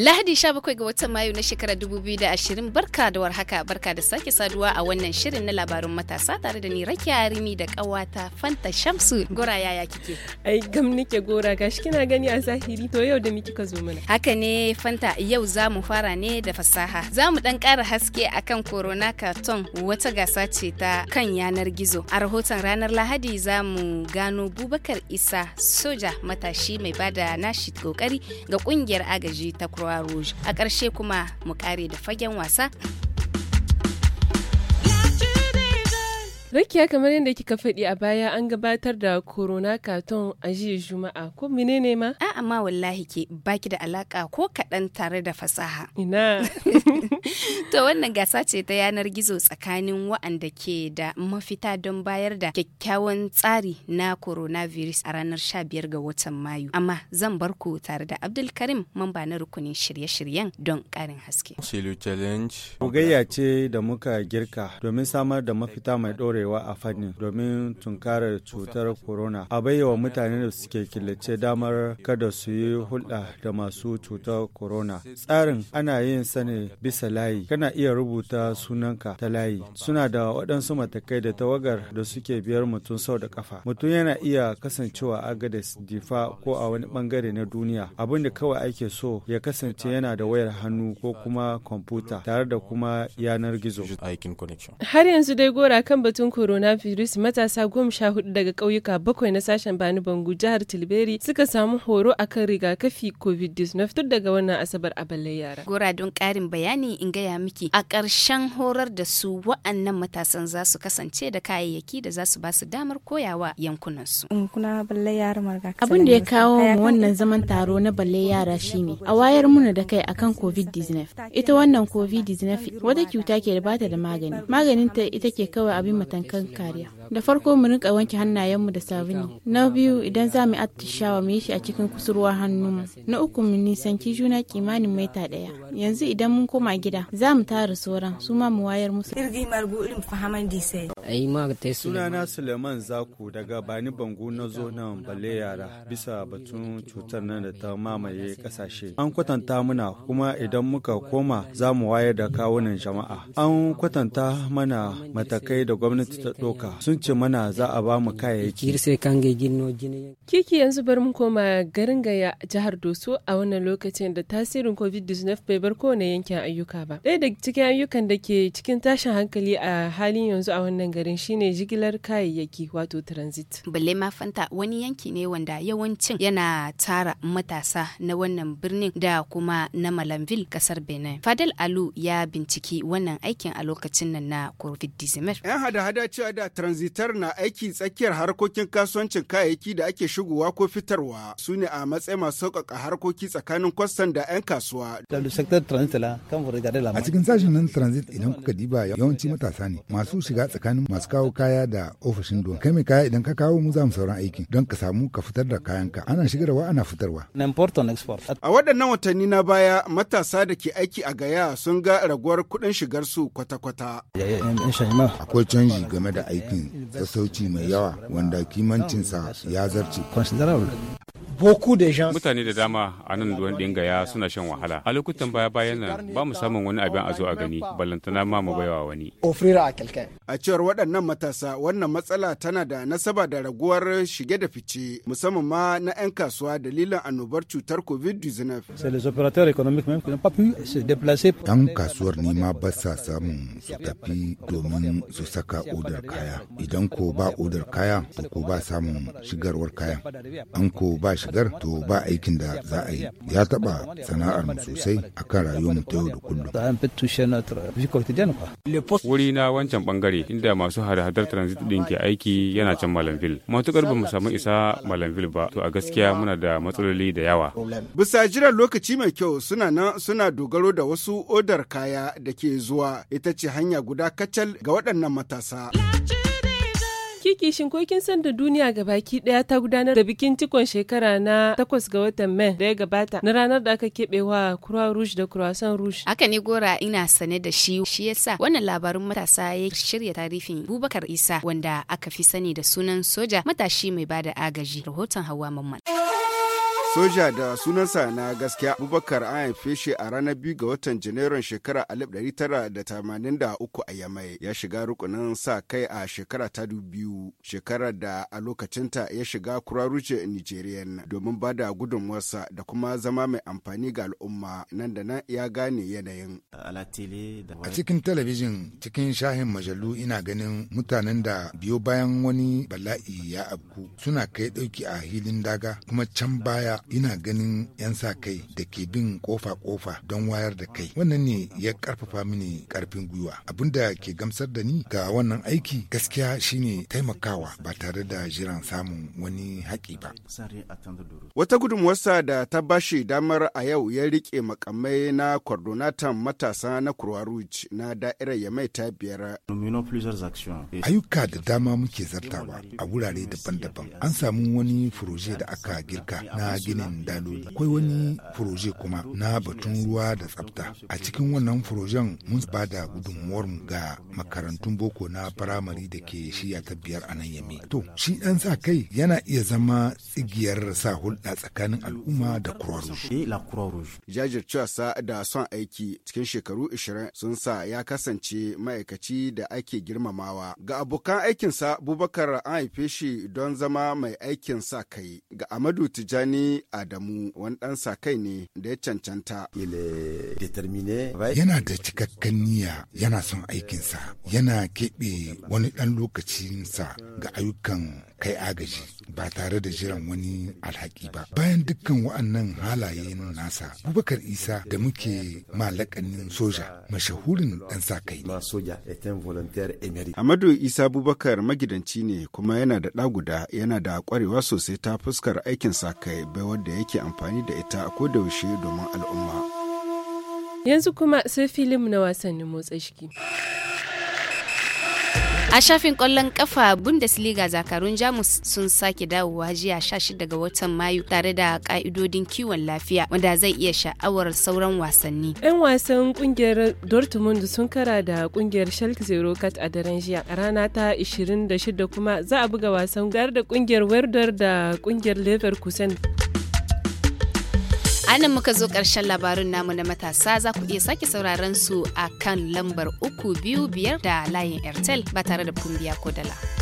Lahadi 17 ga watan Mayu na shekarar 2020 barka da warhaka barka da sake saduwa a wannan shirin na labarun matasa tare da ni Rakiya Arimi da kawata Fanta Shamsu gora yaya kike? Ai gam nike gora gashi kina gani a zahiri to yau da miki ka zo mana. Haka ne Fanta yau za mu fara ne da fasaha. Za mu dan ƙara haske akan korona Carton wata gasa ce ta kan yanar gizo. A rahoton ranar Lahadi za mu gano Bubakar Isa soja matashi mai bada nashi kokari ga kungiyar agaji ta rouge a ƙarshe kuma mu kare da fagen wasa Rakiya kamar yadda kika faɗi a baya an gabatar da korona katon a jiya Juma'a ko menene ma? A amma wallahi ke baki da alaka ko kaɗan tare da fasaha. Ina. to wannan gasa ce ta yanar gizo tsakanin wa'anda ke da mafita don bayar da kyakkyawan tsari na coronavirus a ranar biyar ga watan Mayu. Amma zan bar ku tare da abdulkarim Karim mamba na rukunin shirye-shiryen don ƙarin haske. Gogayya ce da muka girka domin samar da mafita mai ɗore ƙwarewa a fannin domin tunkarar cutar corona a bayyawa mutane da suke killace damar kada su yi hulɗa da masu cutar corona tsarin ana yin sani bisa layi kana iya rubuta sunanka ta layi suna da waɗansu matakai da tawagar da suke biyar mutum sau da kafa mutum yana iya kasancewa agades difa ko a wani bangare na duniya abin da kawai ake so ya kasance yana da wayar hannu ko kuma kwamfuta tare da kuma yanar gizo har yanzu dai gora kan batun coronavirus matasa goma sha hudu daga ƙauyuka bakwai na sashen Bani Bangu jihar Tilberi suka samu horo akan rigakafi COVID-19 tun daga wannan Asabar a balle yara. Gora don ƙarin bayani in gaya miki a ƙarshen horar da su wa'annan matasan za su kasance da kayayyaki da za su ba su damar koyawa yankunan su. Mm, abin da ya kawo mu wannan zaman taro na balle yara shine a wayar muna da kai akan COVID-19. Ita wannan COVID-19 wata cuta ke da bata da magani. Maganin ta ita ke kawai abin matan kan kariya da farko mu rinka wanke hannayenmu da sabuni na biyu idan za mu attishawa mu yi shi a cikin kusurwa hannu. mu na uku mu nisanci juna kimanin maita daya yanzu idan mun koma gida za mu tara sauran su ma mu wayar musu sunana suleiman zaku daga bani bango na zo nan baleya yara bisa batun cutar nan da ta mamaye kasashe an kwatanta muna kuma idan muka koma za mu wayar da kawunan jama'a an kwatanta mana matakai da gwamnati gwamnati ta doka sun ce mana za a ba mu kayayyaki. Kiki yanzu bari mu koma garin gaya jihar Doso a wannan lokacin da tasirin COVID-19 bai bar kowane yankin ayyuka ba. Ɗaya da cikin ayyukan da ke cikin tashin hankali a halin yanzu a wannan garin shine jigilar kayayyaki wato transit. Balle ma fanta wani yanki ne wanda yawancin yana tara matasa na wannan birnin da kuma na Malanville kasar Benin. fadal Alu ya binciki wannan aikin a lokacin nan na COVID-19. dacewa da transitar na aiki tsakiyar harkokin kasuwancin kayayyaki da ake shigowa ko fitarwa su ne a matsayin masu sauƙaƙa harkoki tsakanin kwastan da 'yan kasuwa. A cikin sashen nan transit idan kuka diba yawanci matasa ne masu shiga tsakanin masu kawo kaya da ofishin don kai mai kaya idan ka kawo mu za mu sauran aiki don ka samu ka fitar da kayanka ana shigarwa ana fitarwa. A waɗannan watanni na baya matasa da ke aiki a gaya sun ga raguwar kuɗin shigar su kwata-kwata. Akwai canji game da aikin sassauci mai yawa wanda kimancinsa ya zarce boku da gens mutane da dama a nan duwan ya suna shan wahala a lokutan baya bayan nan ba mu samun wani abin a zo a gani ballantana ma mu baiwa wani a cewar waɗannan matasa wannan matsala tana da nasaba da raguwar shige da fice musamman ma na 'yan kasuwa dalilin annobar cutar covid-19 'yan kasuwar ne ma ba sa samun su tafi domin su saka odar kaya idan ko ba odar kaya to ko ba samun shigarwar kaya an ko ba shi shigar to ba aikin da za a yi ya taba sana'ar mu sosai akan rayuwar mu ta yau da kullum wuri na wancan bangare inda masu hada-hadar transit din ke aiki yana can malamville matukar ba mu samu isa malamville ba to a gaskiya muna da matsaloli da yawa bisa jiran lokaci mai kyau suna nan suna dogaro da wasu odar kaya da ke zuwa ita ce hanya guda kacal ga waɗannan matasa. Kiki shin ko kin san da duniya ga baki daya ta gudanar da bikin cikon shekara na takwas ga watan Mai da ya gabata na ranar da aka keɓe wa Croix Rouge da Croissant Rouge. Haka ne gora ina sane da shi shi yasa wannan labarin matasa ya shirya tarihin Bubakar Isa wanda aka fi sani da sunan soja matashi mai bada agaji rahoton hauwa Mamman. Soja da sunansa na gaskiya Abubakar an haife shi a ranar biyu ga watan Janairun shekara 1983 a Yamai ya shiga rukunin sa kai a shekara ta biyu shekarar da a lokacinta ya shiga kuraruje Nigerian domin ba da gudunmuwarsa da kuma zama mai amfani ga al'umma nan da nan ya gane yanayin. A cikin talabijin cikin shahin majalu ina ganin mutanen da biyo bayan wani bala'i ya abku suna kai dauki a hilin daga kuma can baya ina ganin 'yan sa kai da ke bin kofa-kofa don wayar da kai. Wannan ne ya karfafa mini karfin gwiwa. Abin da ke gamsar da ni ga wannan aiki gaskiya shine taimakawa ba tare da jiran samun wani haƙi ba. Wata gudunmuwarsa da ta bashi damar a yau ya rike makamai na kwardonatan matasa na Kurwaruj na da'irar mai ta biyar. Ayyuka da dama muke zartawa a wurare daban-daban. An samu wani furoje da aka girka na ginin daloli akwai wani furoje kuma na batun ruwa da tsafta a cikin wannan furojen mun ba da gudunmuwar ga makarantun boko na firamare da ke shiya ta biyar a nan yame to shi dan sa kai yana iya zama tsigiyar sa hulɗa tsakanin al'umma da croix rouge sa da son aiki cikin shekaru 20 sun sa ya kasance ma'aikaci da ake girmamawa ga abokan aikinsa bubakar an haife shi don zama mai aikin sa kai ga amadu tijani Adamu wani ɗan sa kai ne da ya cancanta. Yana da cikakken niyya yana son aikinsa yana keɓe wani ɗan lokacinsa ga ayyukan kai agaji ba tare da jiran wani alhaki ba bayan dukkan wa'annan halaye nasa bubakar isa da muke malakanin soja mashahurin dan sa kai amadu isa bubakar magidanci ne kuma yana da ɗaguda yana da kwarewa sosai ta fuskar aikin sa kai bai wadda yake amfani da ita a kodayaushe domin al'umma yanzu kuma sai filim na wasannin motsa jiki. A shafin kwallon kafa Bundesliga zakarun Jamus sun sake dawowa jiya 16 ga watan Mayu tare da ka'idodin kiwon lafiya wanda zai iya sha'awar sauran wasanni. 'Yan wasan kungiyar Dortmund sun kara da kungiyar Schalke 04 a daren jiya. A rana ta 26 kuma za a buga wasan gar da kungiyar Werder da kungiyar Leverkusen. anan muka zo ƙarshen labarin namu na matasa za ku iya sake sauraron su a kan lambar uku biyu biyar da layin Airtel ba tare da kun biya ko dala.